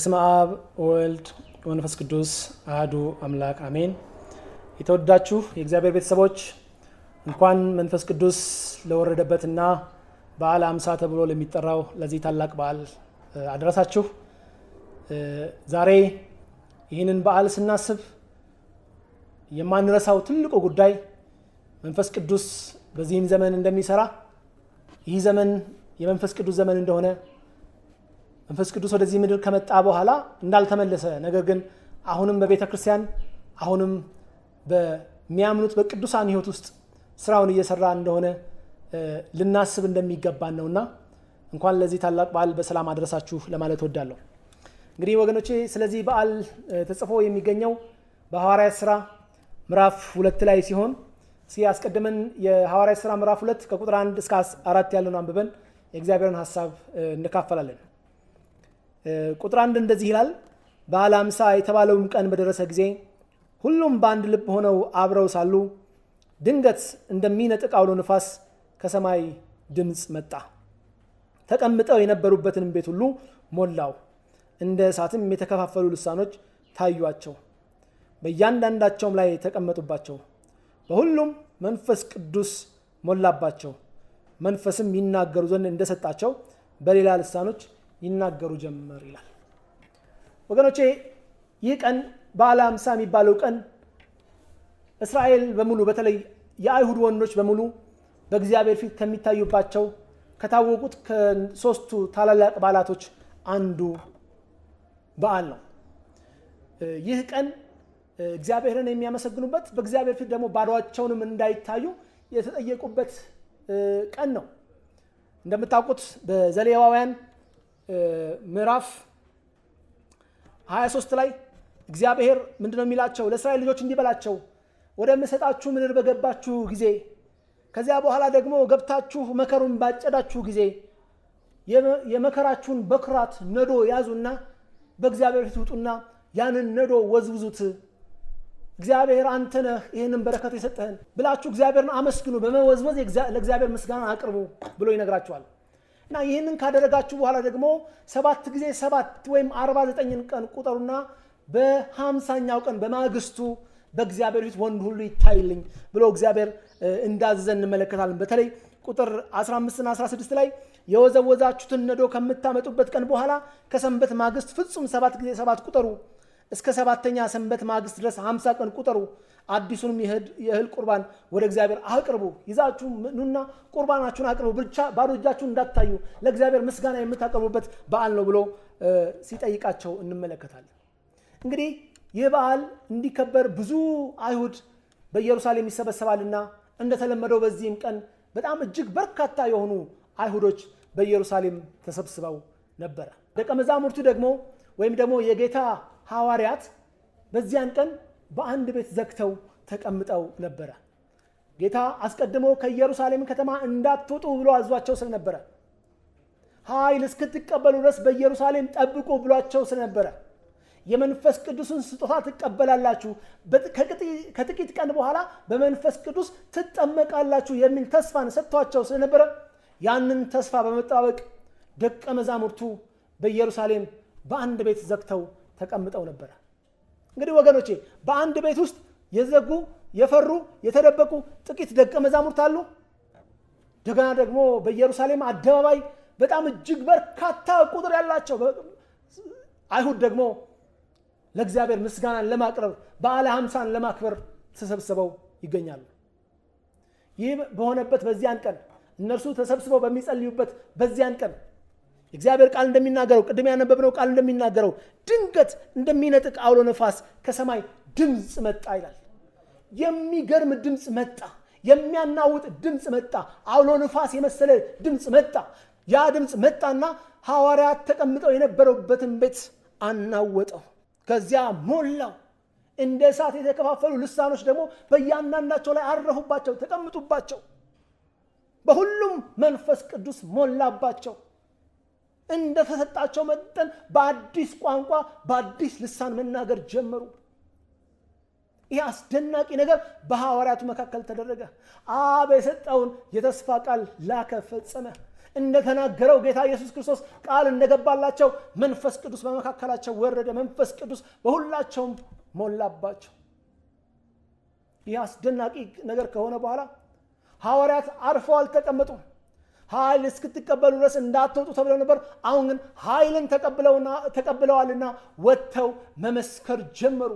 በስመ አብ ወልድ ወመንፈስ ቅዱስ አህዱ አምላክ አሜን። የተወዳችሁ የእግዚአብሔር ቤተሰቦች እንኳን መንፈስ ቅዱስ ለወረደበትና በዓለ አምሳ ተብሎ ለሚጠራው ለዚህ ታላቅ በዓል አደረሳችሁ። ዛሬ ይህንን በዓል ስናስብ የማንረሳው ትልቁ ጉዳይ መንፈስ ቅዱስ በዚህም ዘመን እንደሚሰራ ይህ ዘመን የመንፈስ ቅዱስ ዘመን እንደሆነ መንፈስ ቅዱስ ወደዚህ ምድር ከመጣ በኋላ እንዳልተመለሰ ነገር ግን አሁንም በቤተ ክርስቲያን አሁንም በሚያምኑት በቅዱሳን ህይወት ውስጥ ስራውን እየሰራ እንደሆነ ልናስብ እንደሚገባን ነውና እንኳን ለዚህ ታላቅ በዓል በሰላም አድረሳችሁ ለማለት ወዳለሁ። እንግዲህ ወገኖቼ ስለዚህ በዓል ተጽፎ የሚገኘው በሐዋርያት ስራ ምዕራፍ ሁለት ላይ ሲሆን እስኪ አስቀድመን የሐዋርያት ስራ ምዕራፍ ሁለት ከቁጥር አንድ እስከ አራት ያለውን አንብበን የእግዚአብሔርን ሀሳብ እንካፈላለን። ቁጥር አንድ እንደዚህ ይላል፣ በዓለ ሃምሳ የተባለውም ቀን በደረሰ ጊዜ ሁሉም በአንድ ልብ ሆነው አብረው ሳሉ ድንገት እንደሚነጥቅ አውሎ ንፋስ ከሰማይ ድምፅ መጣ፣ ተቀምጠው የነበሩበትንም ቤት ሁሉ ሞላው። እንደ እሳትም የተከፋፈሉ ልሳኖች ታዩአቸው፣ በእያንዳንዳቸውም ላይ ተቀመጡባቸው። በሁሉም መንፈስ ቅዱስ ሞላባቸው፣ መንፈስም ይናገሩ ዘንድ እንደሰጣቸው በሌላ ልሳኖች ይናገሩ ጀመር ይላል። ወገኖቼ ይህ ቀን በዓለ ሃምሳ የሚባለው ቀን እስራኤል በሙሉ በተለይ የአይሁድ ወንዶች በሙሉ በእግዚአብሔር ፊት ከሚታዩባቸው ከታወቁት ከሶስቱ ታላላቅ በዓላቶች አንዱ በዓል ነው። ይህ ቀን እግዚአብሔርን የሚያመሰግኑበት በእግዚአብሔር ፊት ደግሞ ባዷቸውንም እንዳይታዩ የተጠየቁበት ቀን ነው። እንደምታውቁት በዘሌዋውያን ምዕራፍ 23 ላይ እግዚአብሔር ምንድነው የሚላቸው? ለእስራኤል ልጆች እንዲበላቸው ወደምሰጣችሁ ምድር በገባችሁ ጊዜ ከዚያ በኋላ ደግሞ ገብታችሁ መከሩን ባጨዳችሁ ጊዜ የመከራችሁን በኩራት ነዶ ያዙና በእግዚአብሔር ፊት ውጡና ያንን ነዶ ወዝውዙት። እግዚአብሔር አንተነህ ይህንን በረከት የሰጠህን ብላችሁ እግዚአብሔርን አመስግኑ፣ በመወዝወዝ ለእግዚአብሔር ምስጋና አቅርቡ ብሎ ይነግራችኋል። እና ይህንን ካደረጋችሁ በኋላ ደግሞ ሰባት ጊዜ ሰባት ወይም አርባ ዘጠኝን ቀን ቁጠሩና በሀምሳኛው ቀን በማግስቱ በእግዚአብሔር ፊት ወንድ ሁሉ ይታይልኝ ብሎ እግዚአብሔር እንዳዘዘን እንመለከታለን። በተለይ ቁጥር 15ና 16 ላይ የወዘወዛችሁትን ነዶ ከምታመጡበት ቀን በኋላ ከሰንበት ማግስት ፍጹም ሰባት ጊዜ ሰባት ቁጠሩ፣ እስከ ሰባተኛ ሰንበት ማግስት ድረስ 50 ቀን ቁጠሩ። አዲሱንም የእህል ቁርባን ወደ እግዚአብሔር አቅርቡ፣ ይዛችሁ ኑና ቁርባናችሁን አቅርቡ፣ ብቻ ባዶ እጃችሁ እንዳታዩ፣ ለእግዚአብሔር ምስጋና የምታቀርቡበት በዓል ነው ብሎ ሲጠይቃቸው እንመለከታለን። እንግዲህ ይህ በዓል እንዲከበር ብዙ አይሁድ በኢየሩሳሌም ይሰበሰባልና እንደተለመደው በዚህም ቀን በጣም እጅግ በርካታ የሆኑ አይሁዶች በኢየሩሳሌም ተሰብስበው ነበረ። ደቀ መዛሙርቱ ደግሞ ወይም ደግሞ የጌታ ሐዋርያት በዚያን ቀን በአንድ ቤት ዘግተው ተቀምጠው ነበረ። ጌታ አስቀድሞ ከኢየሩሳሌም ከተማ እንዳትወጡ ብሎ አዟቸው ስለነበረ ኃይል እስክትቀበሉ ድረስ በኢየሩሳሌም ጠብቁ ብሏቸው ስለነበረ የመንፈስ ቅዱስን ስጦታ ትቀበላላችሁ፣ ከጥቂት ቀን በኋላ በመንፈስ ቅዱስ ትጠመቃላችሁ የሚል ተስፋን ሰጥቷቸው ስለነበረ ያንን ተስፋ በመጠባበቅ ደቀ መዛሙርቱ በኢየሩሳሌም በአንድ ቤት ዘግተው ተቀምጠው ነበረ። እንግዲህ ወገኖቼ በአንድ ቤት ውስጥ የዘጉ የፈሩ የተደበቁ ጥቂት ደቀ መዛሙርት አሉ። እንደገና ደግሞ በኢየሩሳሌም አደባባይ በጣም እጅግ በርካታ ቁጥር ያላቸው አይሁድ ደግሞ ለእግዚአብሔር ምስጋናን ለማቅረብ በዓለ ሀምሳን ለማክበር ተሰብስበው ይገኛሉ። ይህ በሆነበት በዚያን ቀን እነርሱ ተሰብስበው በሚጸልዩበት በዚያን ቀን እግዚአብሔር ቃል እንደሚናገረው ቅድም ያነበብነው ቃል እንደሚናገረው ድንገት እንደሚነጥቅ አውሎ ነፋስ ከሰማይ ድምፅ መጣ ይላል። የሚገርም ድምፅ መጣ። የሚያናውጥ ድምፅ መጣ። አውሎ ነፋስ የመሰለ ድምፅ መጣ። ያ ድምፅ መጣና ሐዋርያት ተቀምጠው የነበረበትን ቤት አናወጠው፣ ከዚያ ሞላው። እንደ እሳት የተከፋፈሉ ልሳኖች ደግሞ በእያንዳንዳቸው ላይ አረፉባቸው፣ ተቀምጡባቸው። በሁሉም መንፈስ ቅዱስ ሞላባቸው። እንደተሰጣቸው መጠን በአዲስ ቋንቋ በአዲስ ልሳን መናገር ጀመሩ። ይህ አስደናቂ ነገር በሐዋርያቱ መካከል ተደረገ። አብ የሰጠውን የተስፋ ቃል ላከ፣ ፈጸመ። እንደተናገረው ጌታ ኢየሱስ ክርስቶስ ቃል እንደገባላቸው መንፈስ ቅዱስ በመካከላቸው ወረደ። መንፈስ ቅዱስ በሁላቸውም ሞላባቸው። ይህ አስደናቂ ነገር ከሆነ በኋላ ሐዋርያት አርፈው አልተቀመጡም። ኃይል እስክትቀበሉ ድረስ እንዳትወጡ ተብለው ነበር። አሁን ግን ኃይልን ተቀብለዋልና ወጥተው መመስከር ጀመሩ።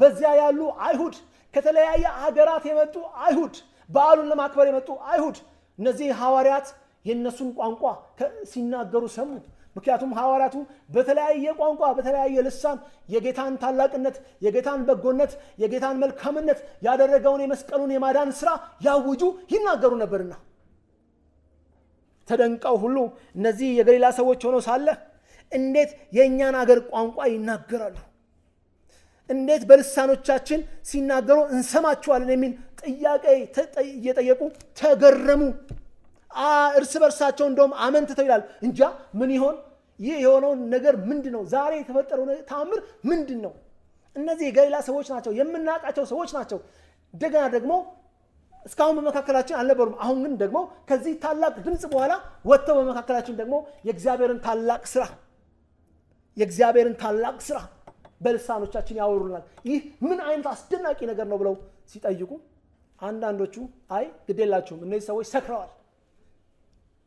በዚያ ያሉ አይሁድ፣ ከተለያየ ሀገራት የመጡ አይሁድ፣ በዓሉን ለማክበር የመጡ አይሁድ እነዚህ ሐዋርያት የእነሱን ቋንቋ ሲናገሩ ሰሙ። ምክንያቱም ሐዋርያቱ በተለያየ ቋንቋ በተለያየ ልሳን የጌታን ታላቅነት፣ የጌታን በጎነት፣ የጌታን መልካምነት ያደረገውን የመስቀሉን የማዳን ስራ ያውጁ ይናገሩ ነበርና ተደንቀው ሁሉ እነዚህ የገሊላ ሰዎች ሆኖ ሳለ እንዴት የእኛን አገር ቋንቋ ይናገራሉ እንዴት በልሳኖቻችን ሲናገሩ እንሰማችኋለን የሚል ጥያቄ እየጠየቁ ተገረሙ እርስ በርሳቸው እንደውም አመንትተው ይላል እንጃ ምን ይሆን ይህ የሆነውን ነገር ምንድን ነው ዛሬ የተፈጠረው ተአምር ምንድን ነው እነዚህ የገሊላ ሰዎች ናቸው የምናውቃቸው ሰዎች ናቸው እንደገና ደግሞ እስካሁን በመካከላችን አልነበሩም። አሁን ግን ደግሞ ከዚህ ታላቅ ድምፅ በኋላ ወጥተው በመካከላችን ደግሞ የእግዚአብሔርን ታላቅ ስራ የእግዚአብሔርን ታላቅ ስራ በልሳኖቻችን ያወሩናል። ይህ ምን አይነት አስደናቂ ነገር ነው ብለው ሲጠይቁ አንዳንዶቹ አይ ግዴላችሁም እነዚህ ሰዎች ሰክረዋል፣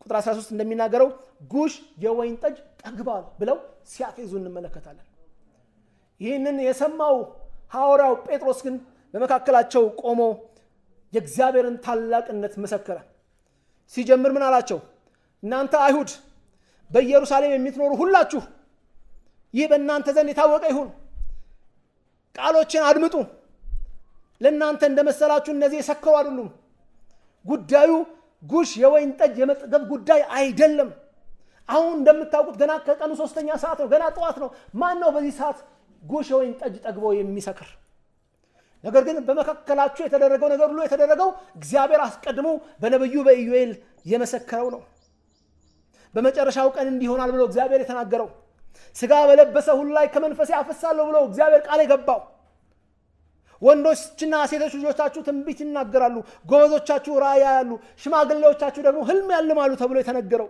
ቁጥር 13 እንደሚናገረው ጉሽ የወይን ጠጅ ጠግበዋል ብለው ሲያፌዙ እንመለከታለን። ይህንን የሰማው ሐዋርያው ጴጥሮስ ግን በመካከላቸው ቆሞ የእግዚአብሔርን ታላቅነት መሰከረ። ሲጀምር ምን አላቸው? እናንተ አይሁድ በኢየሩሳሌም የምትኖሩ ሁላችሁ ይህ በእናንተ ዘንድ የታወቀ ይሁን፣ ቃሎችን አድምጡ። ለእናንተ እንደመሰላችሁ እነዚህ የሰከሩ አይደሉም። ጉዳዩ ጉሽ የወይን ጠጅ የመጠገብ ጉዳይ አይደለም። አሁን እንደምታውቁት ገና ከቀኑ ሶስተኛ ሰዓት ነው፣ ገና ጠዋት ነው። ማን ነው በዚህ ሰዓት ጉሽ የወይን ጠጅ ጠግቦ የሚሰክር? ነገር ግን በመካከላቸው የተደረገው ነገር ሁሉ የተደረገው እግዚአብሔር አስቀድሞ በነብዩ በኢዩኤል የመሰከረው ነው። በመጨረሻው ቀን እንዲሆናል ብሎ እግዚአብሔር የተናገረው ስጋ በለበሰ ሁሉ ላይ ከመንፈሴ አፈሳለሁ ብሎ እግዚአብሔር ቃል የገባው ወንዶችና ሴቶች ልጆቻችሁ ትንቢት ይናገራሉ፣ ጎበዞቻችሁ ራእይ ያያሉ፣ ሽማግሌዎቻችሁ ደግሞ ህልም ያልማሉ ተብሎ የተነገረው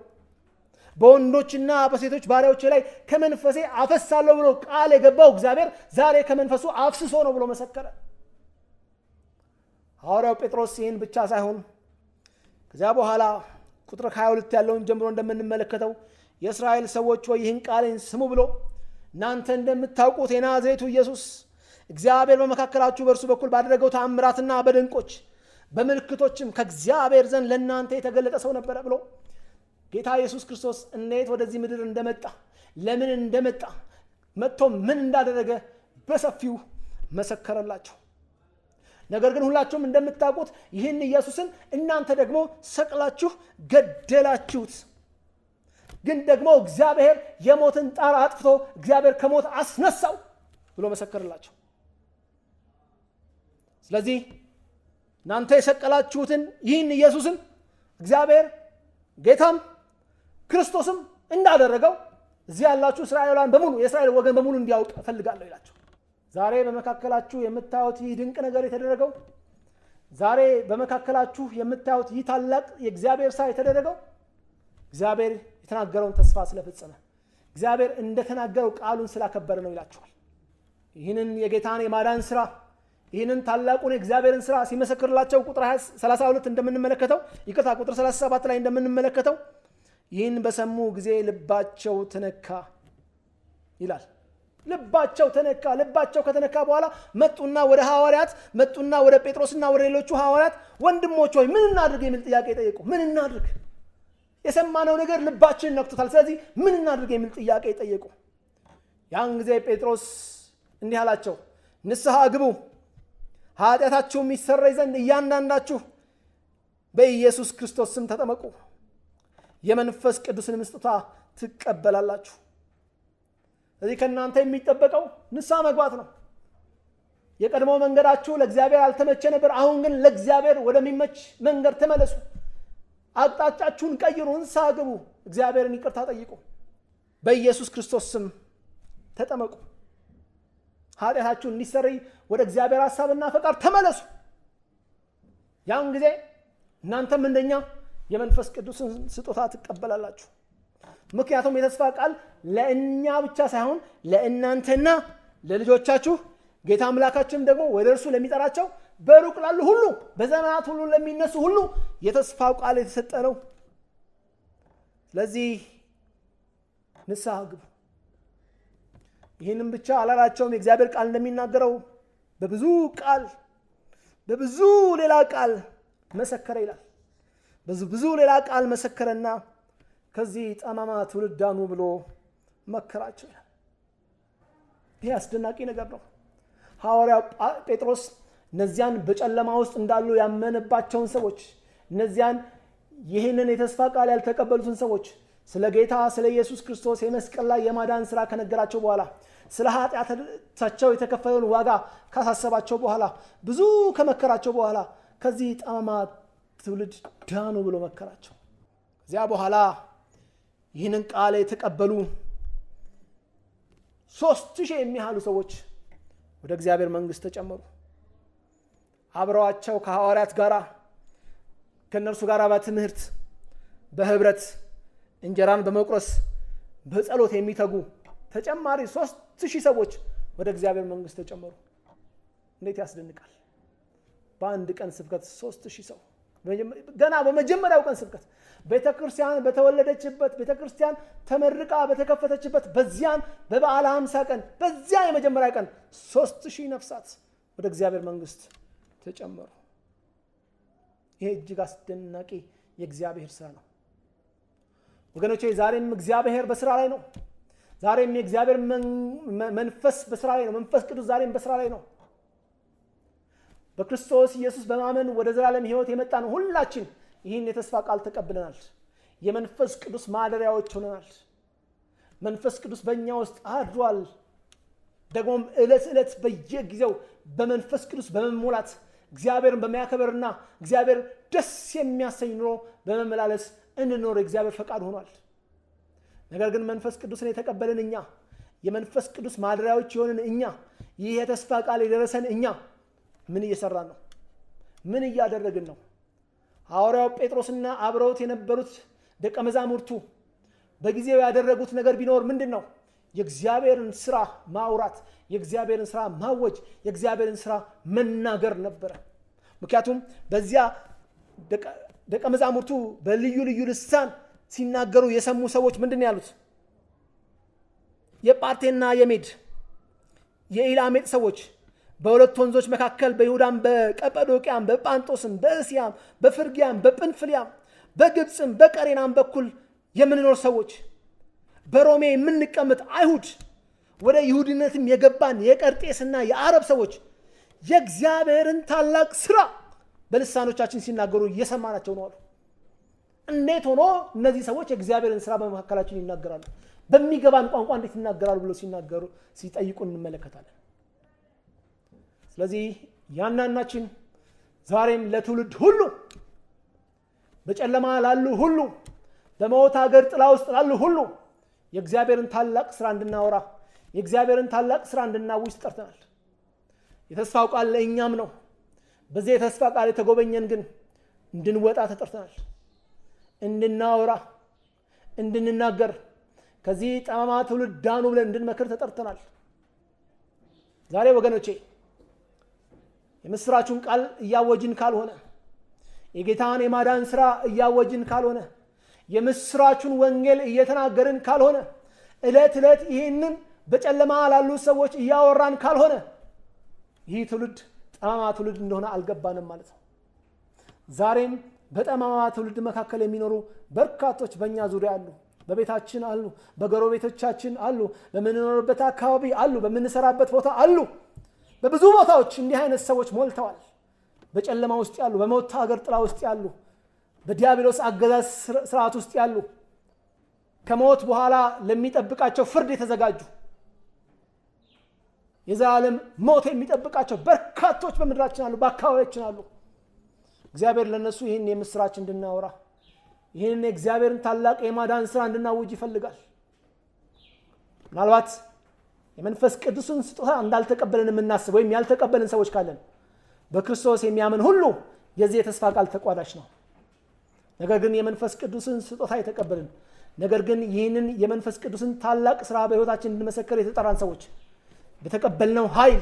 በወንዶችና በሴቶች ባሪያዎች ላይ ከመንፈሴ አፈሳለሁ ብሎ ቃል የገባው እግዚአብሔር ዛሬ ከመንፈሱ አፍስሶ ነው ብሎ መሰከረ። ሐዋርያው ጴጥሮስ ይህን ብቻ ሳይሆን ከዚያ በኋላ ቁጥር ከሀያ ሁለት ያለውን ጀምሮ እንደምንመለከተው የእስራኤል ሰዎች ወይ ይህን ቃሌን ስሙ ብሎ እናንተ እንደምታውቁት የናዝሬቱ ኢየሱስ እግዚአብሔር በመካከላችሁ በእርሱ በኩል ባደረገው ተአምራትና በድንቆች በምልክቶችም ከእግዚአብሔር ዘንድ ለእናንተ የተገለጠ ሰው ነበረ ብሎ ጌታ ኢየሱስ ክርስቶስ እንዴት ወደዚህ ምድር እንደመጣ ለምን እንደመጣ መጥቶ ምን እንዳደረገ በሰፊው መሰከረላቸው ነገር ግን ሁላችሁም እንደምታውቁት ይህን ኢየሱስን እናንተ ደግሞ ሰቅላችሁ ገደላችሁት። ግን ደግሞ እግዚአብሔር የሞትን ጣር አጥፍቶ እግዚአብሔር ከሞት አስነሳው ብሎ መሰከርላቸው። ስለዚህ እናንተ የሰቀላችሁትን ይህን ኢየሱስን እግዚአብሔር ጌታም ክርስቶስም እንዳደረገው እዚህ ያላችሁ እስራኤላውያን በሙሉ የእስራኤል ወገን በሙሉ እንዲያውቅ እፈልጋለሁ ይላቸው። ዛሬ በመካከላችሁ የምታዩት ይህ ድንቅ ነገር የተደረገው ዛሬ በመካከላችሁ የምታዩት ይህ ታላቅ የእግዚአብሔር ስራ የተደረገው እግዚአብሔር የተናገረውን ተስፋ ስለፈጸመ እግዚአብሔር እንደተናገረው ቃሉን ስላከበረ ነው ይላችኋል። ይህንን የጌታን የማዳን ስራ ይህንን ታላቁን የእግዚአብሔርን ስራ ሲመሰክርላቸው ቁጥር 32 እንደምንመለከተው ይቅርታ ቁጥር 37 ላይ እንደምንመለከተው ይህን በሰሙ ጊዜ ልባቸው ትነካ ይላል። ልባቸው ተነካ። ልባቸው ከተነካ በኋላ መጡና ወደ ሐዋርያት መጡና ወደ ጴጥሮስና ወደ ሌሎቹ ሐዋርያት ወንድሞች ሆይ ምን እናድርግ የሚል ጥያቄ ጠየቁ። ምን እናድርግ? የሰማነው ነገር ልባችን ነክቶታል። ስለዚህ ምን እናድርግ የሚል ጥያቄ ጠየቁ። ያን ጊዜ ጴጥሮስ እንዲህ አላቸው፣ ንስሐ ግቡ፣ ኃጢአታችሁ ይሰረይ ዘንድ እያንዳንዳችሁ በኢየሱስ ክርስቶስ ስም ተጠመቁ፣ የመንፈስ ቅዱስን ስጦታ ትቀበላላችሁ እዚህ ከእናንተ የሚጠበቀው ንስሐ መግባት ነው። የቀድሞ መንገዳችሁ ለእግዚአብሔር አልተመቸ ነበር። አሁን ግን ለእግዚአብሔር ወደሚመች መንገድ ተመለሱ። አቅጣጫችሁን ቀይሩ። ንስሐ ግቡ። እግዚአብሔርን ይቅርታ ጠይቁ። በኢየሱስ ክርስቶስ ስም ተጠመቁ። ኃጢአታችሁን እንዲሰረይ ወደ እግዚአብሔር ሀሳብና ፈቃድ ተመለሱ። ያን ጊዜ እናንተም እንደኛ የመንፈስ ቅዱስን ስጦታ ትቀበላላችሁ። ምክንያቱም የተስፋ ቃል ለእኛ ብቻ ሳይሆን ለእናንተና ለልጆቻችሁ ጌታ አምላካችንም ደግሞ ወደ እርሱ ለሚጠራቸው በሩቅ ላሉ ሁሉ በዘመናት ሁሉ ለሚነሱ ሁሉ የተስፋው ቃል የተሰጠ ነው ስለዚህ ንስ ግቡ ይህንም ብቻ አላላቸውም የእግዚአብሔር ቃል እንደሚናገረው በብዙ ቃል በብዙ ሌላ ቃል መሰከረ ይላል ብዙ ሌላ ቃል መሰከረና ከዚህ ጠማማ ትውልድ ዳኑ ብሎ መከራቸው ይላል። ይህ አስደናቂ ነገር ነው። ሐዋርያው ጴጥሮስ እነዚያን በጨለማ ውስጥ እንዳሉ ያመነባቸውን ሰዎች እነዚያን ይህንን የተስፋ ቃል ያልተቀበሉትን ሰዎች ስለ ጌታ ስለ ኢየሱስ ክርስቶስ የመስቀል ላይ የማዳን ስራ ከነገራቸው በኋላ ስለ ኃጢአታቸው የተከፈለውን ዋጋ ካሳሰባቸው በኋላ ብዙ ከመከራቸው በኋላ ከዚህ ጠማማ ትውልድ ዳኑ ብሎ መከራቸው። ከዚያ በኋላ ይህንን ቃል የተቀበሉ ሶስት ሺህ የሚያህሉ ሰዎች ወደ እግዚአብሔር መንግስት ተጨመሩ። አብረዋቸው ከሐዋርያት ጋር ከእነርሱ ጋር በትምህርት በህብረት እንጀራን በመቁረስ በጸሎት የሚተጉ ተጨማሪ ሶስት ሺህ ሰዎች ወደ እግዚአብሔር መንግስት ተጨመሩ። እንዴት ያስደንቃል! በአንድ ቀን ስብከት ሶስት ሺህ ሰው ገና በመጀመሪያው ቀን ስብከት ቤተ ክርስቲያን በተወለደችበት ቤተ ክርስቲያን ተመርቃ በተከፈተችበት በዚያን በበዓለ ሀምሳ ቀን በዚያ የመጀመሪያ ቀን ሶስት ሺህ ነፍሳት ወደ እግዚአብሔር መንግስት ተጨመሩ። ይሄ እጅግ አስደናቂ የእግዚአብሔር ስራ ነው ወገኖቼ። ዛሬም እግዚአብሔር በስራ ላይ ነው። ዛሬም የእግዚአብሔር መንፈስ በስራ ላይ ነው። መንፈስ ቅዱስ ዛሬም በስራ ላይ ነው። በክርስቶስ ኢየሱስ በማመን ወደ ዘላለም ህይወት የመጣን ሁላችን ይህን የተስፋ ቃል ተቀብለናል። የመንፈስ ቅዱስ ማደሪያዎች ሆነናል። መንፈስ ቅዱስ በእኛ ውስጥ አድሯል። ደግሞም ዕለት ዕለት በየጊዜው በመንፈስ ቅዱስ በመሞላት እግዚአብሔርን በሚያከበርና እግዚአብሔር ደስ የሚያሰኝ ኑሮ በመመላለስ እንድኖር እግዚአብሔር ፈቃድ ሆኗል። ነገር ግን መንፈስ ቅዱስን የተቀበልን እኛ የመንፈስ ቅዱስ ማደሪያዎች የሆንን እኛ ይህ የተስፋ ቃል የደረሰን እኛ ምን እየሰራን ነው? ምን እያደረግን ነው? ሐዋርያው ጴጥሮስና አብረውት የነበሩት ደቀ መዛሙርቱ በጊዜው ያደረጉት ነገር ቢኖር ምንድን ነው? የእግዚአብሔርን ስራ ማውራት፣ የእግዚአብሔርን ስራ ማወጅ፣ የእግዚአብሔርን ስራ መናገር ነበረ። ምክንያቱም በዚያ ደቀ መዛሙርቱ በልዩ ልዩ ልሳን ሲናገሩ የሰሙ ሰዎች ምንድን ያሉት? የጳርቴና የሜድ የኢላሜጥ ሰዎች በሁለት ወንዞች መካከል በይሁዳም፣ በቀጳዶቅያም፣ በጳንጦስም፣ በእስያም፣ በፍርጊያም በጵንፍልያም፣ በግብፅም፣ በቀሬናም በኩል የምንኖር ሰዎች በሮሜ የምንቀመጥ አይሁድ ወደ ይሁድነትም የገባን የቀርጤስና የአረብ ሰዎች የእግዚአብሔርን ታላቅ ስራ በልሳኖቻችን ሲናገሩ እየሰማናቸው ነው አሉ። እንዴት ሆኖ እነዚህ ሰዎች የእግዚአብሔርን ስራ በመካከላችን ይናገራሉ? በሚገባን ቋንቋ እንዴት ይናገራሉ ብሎ ሲናገሩ ሲጠይቁ እንመለከታለን። ስለዚህ ያናናችን ዛሬም ለትውልድ ሁሉ በጨለማ ላሉ ሁሉ በሞት ሀገር ጥላ ውስጥ ላሉ ሁሉ የእግዚአብሔርን ታላቅ ስራ እንድናወራ የእግዚአብሔርን ታላቅ ስራ እንድናውጅ ጠርተናል። የተስፋው ቃል ለእኛም ነው። በዚህ የተስፋ ቃል የተጎበኘን ግን እንድንወጣ ተጠርተናል። እንድናወራ፣ እንድንናገር ከዚህ ጠማማ ትውልድ ዳኑ ብለን እንድንመክር ተጠርተናል። ዛሬ ወገኖቼ የምስራቹን ቃል እያወጅን ካልሆነ የጌታን የማዳን ስራ እያወጅን ካልሆነ የምስራቹን ወንጌል እየተናገርን ካልሆነ ዕለት ዕለት ይህንን በጨለማ ላሉ ሰዎች እያወራን ካልሆነ ይህ ትውልድ ጠማማ ትውልድ እንደሆነ አልገባንም ማለት ነው። ዛሬም በጠማማ ትውልድ መካከል የሚኖሩ በርካቶች በእኛ ዙሪያ አሉ። በቤታችን አሉ፣ በጎረቤቶቻችን አሉ፣ በምንኖርበት አካባቢ አሉ፣ በምንሰራበት ቦታ አሉ። በብዙ ቦታዎች እንዲህ አይነት ሰዎች ሞልተዋል። በጨለማ ውስጥ ያሉ፣ በሞት ሀገር ጥላ ውስጥ ያሉ፣ በዲያብሎስ አገዛዝ ስርዓት ውስጥ ያሉ፣ ከሞት በኋላ ለሚጠብቃቸው ፍርድ የተዘጋጁ የዘላለም ሞት የሚጠብቃቸው በርካቶች በምድራችን አሉ፣ በአካባቢያችን አሉ። እግዚአብሔር ለእነሱ ይህን የምስራች እንድናወራ ይህን የእግዚአብሔርን ታላቅ የማዳን ስራ እንድናውጅ ይፈልጋል ምናልባት የመንፈስ ቅዱስን ስጦታ እንዳልተቀበልን የምናስብ ወይም ያልተቀበልን ሰዎች ካለን በክርስቶስ የሚያምን ሁሉ የዚህ የተስፋ ቃል ተቋዳሽ ነው። ነገር ግን የመንፈስ ቅዱስን ስጦታ የተቀበልን ነገር ግን ይህንን የመንፈስ ቅዱስን ታላቅ ስራ በህይወታችን እንድመሰከር የተጠራን ሰዎች በተቀበልነው ኃይል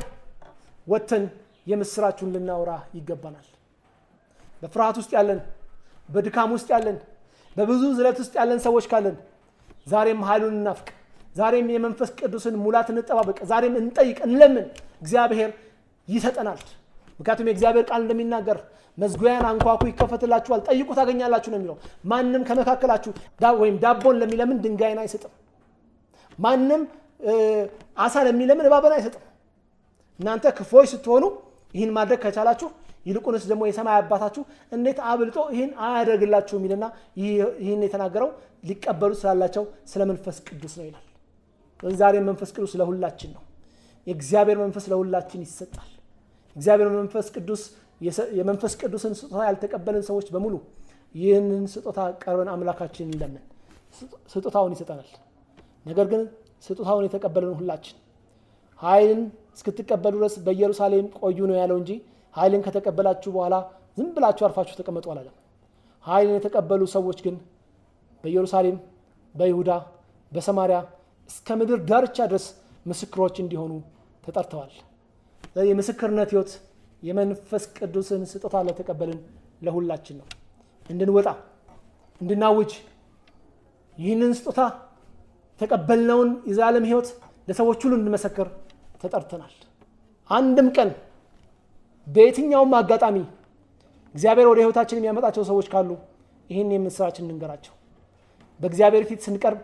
ወተን የምስራችሁን ልናወራ ይገባናል። በፍርሃት ውስጥ ያለን፣ በድካም ውስጥ ያለን፣ በብዙ ዝለት ውስጥ ያለን ሰዎች ካለን ዛሬም ኃይሉን እናፍቅ። ዛሬም የመንፈስ ቅዱስን ሙላት እንጠባበቅ። ዛሬም እንጠይቅ፣ እንለምን፣ እግዚአብሔር ይሰጠናል። ምክንያቱም የእግዚአብሔር ቃል እንደሚናገር መዝጊያን አንኳኩ ይከፈትላችኋል፣ ጠይቁ ታገኛላችሁ ነው የሚለው። ማንም ከመካከላችሁ ወይም ዳቦን ለሚለምን ድንጋይን አይሰጥም። ማንም አሳ ለሚለምን እባብን አይሰጥም። እናንተ ክፎች ስትሆኑ ይህን ማድረግ ከቻላችሁ ይልቁንስ ደግሞ የሰማይ አባታችሁ እንዴት አብልጦ ይህን አያደርግላችሁም? ይልና ይህን የተናገረው ሊቀበሉ ስላላቸው ስለ መንፈስ ቅዱስ ነው ይላል። ዛሬ መንፈስ ቅዱስ ለሁላችን ነው። የእግዚአብሔር መንፈስ ለሁላችን ይሰጣል። እግዚአብሔር መንፈስ ቅዱስ የመንፈስ ቅዱስን ስጦታ ያልተቀበልን ሰዎች በሙሉ ይህንን ስጦታ ቀርበን አምላካችን ለምን ስጦታውን ይሰጠናል። ነገር ግን ስጦታውን የተቀበልን ሁላችን ኃይልን እስክትቀበሉ ድረስ በኢየሩሳሌም ቆዩ ነው ያለው እንጂ ኃይልን ከተቀበላችሁ በኋላ ዝም ብላችሁ አርፋችሁ ተቀመጡ አላለም። ሀይልን የተቀበሉ ሰዎች ግን በኢየሩሳሌም፣ በይሁዳ፣ በሰማሪያ እስከ ምድር ዳርቻ ድረስ ምስክሮች እንዲሆኑ ተጠርተዋል። የምስክርነት ህይወት የመንፈስ ቅዱስን ስጦታ ለተቀበልን ለሁላችን ነው። እንድንወጣ እንድናውጅ ይህንን ስጦታ ተቀበልነውን የዘላለም ህይወት ለሰዎች ሁሉ እንድንመሰክር ተጠርተናል። አንድም ቀን በየትኛውም አጋጣሚ እግዚአብሔር ወደ ህይወታችን የሚያመጣቸው ሰዎች ካሉ ይህን የምስራችን እንንገራቸው። በእግዚአብሔር ፊት ስንቀርብ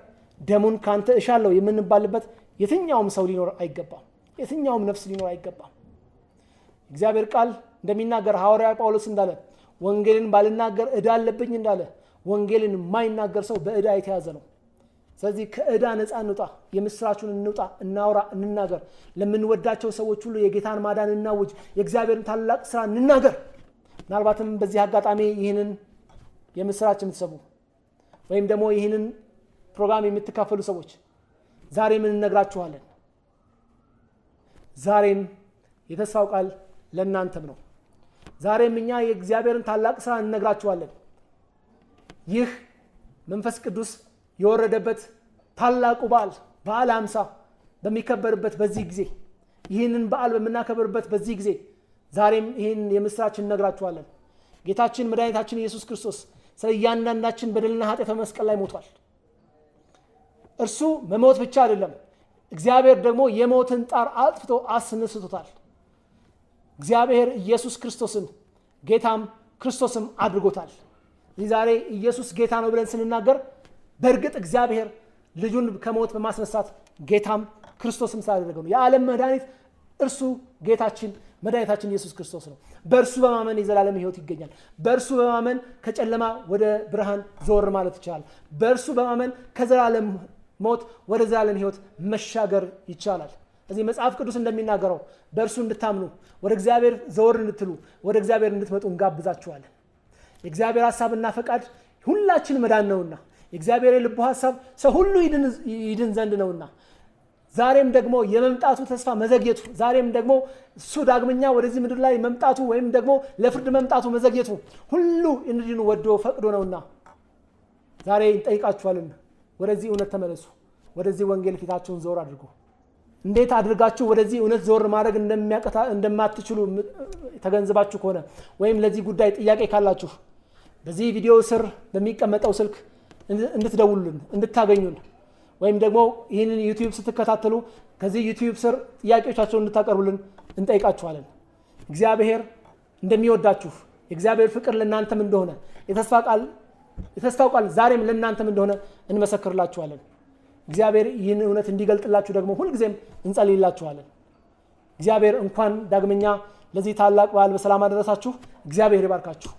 ደሙን ካንተ እሻለው የምንባልበት የትኛውም ሰው ሊኖር አይገባም። የትኛውም ነፍስ ሊኖር አይገባም። እግዚአብሔር ቃል እንደሚናገር ሐዋርያ ጳውሎስ እንዳለ ወንጌልን ባልናገር እዳ አለብኝ እንዳለ ወንጌልን የማይናገር ሰው በእዳ የተያዘ ነው። ስለዚህ ከእዳ ነፃ እንውጣ፣ የምስራችን እንውጣ፣ እናውራ፣ እንናገር። ለምንወዳቸው ሰዎች ሁሉ የጌታን ማዳን እናውጅ፣ የእግዚአብሔርን ታላቅ ስራ እንናገር። ምናልባትም በዚህ አጋጣሚ ይህንን የምስራች የምትሰሙ ወይም ደግሞ ይህንን ፕሮግራም የምትካፈሉ ሰዎች ዛሬ ምን እነግራችኋለን? ዛሬም የተስፋው ቃል ለእናንተም ነው። ዛሬም እኛ የእግዚአብሔርን ታላቅ ስራ እንነግራችኋለን። ይህ መንፈስ ቅዱስ የወረደበት ታላቁ በዓል በዓል አምሳ በሚከበርበት በዚህ ጊዜ ይህንን በዓል በምናከብርበት በዚህ ጊዜ ዛሬም ይህን የምስራች እንነግራችኋለን። ጌታችን መድኃኒታችን ኢየሱስ ክርስቶስ ስለ እያንዳንዳችን በደልና ኃጢአት በመስቀል ላይ ሞቷል። እርሱ መሞት ብቻ አይደለም፣ እግዚአብሔር ደግሞ የሞትን ጣር አጥፍቶ አስነስቶታል። እግዚአብሔር ኢየሱስ ክርስቶስን ጌታም ክርስቶስም አድርጎታል። እዚህ ዛሬ ኢየሱስ ጌታ ነው ብለን ስንናገር በእርግጥ እግዚአብሔር ልጁን ከሞት በማስነሳት ጌታም ክርስቶስም ስላደረገ ነው። የዓለም መድኃኒት እርሱ ጌታችን መድኃኒታችን ኢየሱስ ክርስቶስ ነው። በእርሱ በማመን የዘላለም ሕይወት ይገኛል። በእርሱ በማመን ከጨለማ ወደ ብርሃን ዞር ማለት ይቻላል። በእርሱ በማመን ከዘላለም ሞት ወደ ዘላለም ህይወት መሻገር ይቻላል። እዚህ መጽሐፍ ቅዱስ እንደሚናገረው በእርሱ እንድታምኑ ወደ እግዚአብሔር ዘወር እንድትሉ ወደ እግዚአብሔር እንድትመጡ እንጋብዛችኋለን። የእግዚአብሔር ሀሳብና ፈቃድ ሁላችን መዳን ነውና የእግዚአብሔር የልቡ ሀሳብ ሰው ሁሉ ይድን ዘንድ ነውና ዛሬም ደግሞ የመምጣቱ ተስፋ መዘግየቱ ዛሬም ደግሞ እሱ ዳግመኛ ወደዚህ ምድር ላይ መምጣቱ ወይም ደግሞ ለፍርድ መምጣቱ መዘግየቱ ሁሉ እንዲኑ ወዶ ፈቅዶ ነውና ዛሬ እንጠይቃችኋልና ወደዚህ እውነት ተመለሱ። ወደዚህ ወንጌል ፊታችሁን ዘወር አድርጉ። እንዴት አድርጋችሁ ወደዚህ እውነት ዞር ማድረግ እንደማትችሉ ተገንዝባችሁ ከሆነ ወይም ለዚህ ጉዳይ ጥያቄ ካላችሁ በዚህ ቪዲዮ ስር በሚቀመጠው ስልክ እንድትደውሉልን እንድታገኙን ወይም ደግሞ ይህንን ዩቲዩብ ስትከታተሉ ከዚህ ዩቲዩብ ስር ጥያቄዎቻቸውን እንድታቀርቡልን እንጠይቃችኋለን። እግዚአብሔር እንደሚወዳችሁ የእግዚአብሔር ፍቅር ለእናንተም እንደሆነ የተስፋ ቃል የተስፋው ቃል ዛሬም ለእናንተም እንደሆነ እንመሰክርላችኋለን። እግዚአብሔር ይህን እውነት እንዲገልጥላችሁ ደግሞ ሁልጊዜም እንጸልይላችኋለን። እግዚአብሔር እንኳን ዳግመኛ ለዚህ ታላቅ በዓል በሰላም አደረሳችሁ። እግዚአብሔር ይባርካችሁ።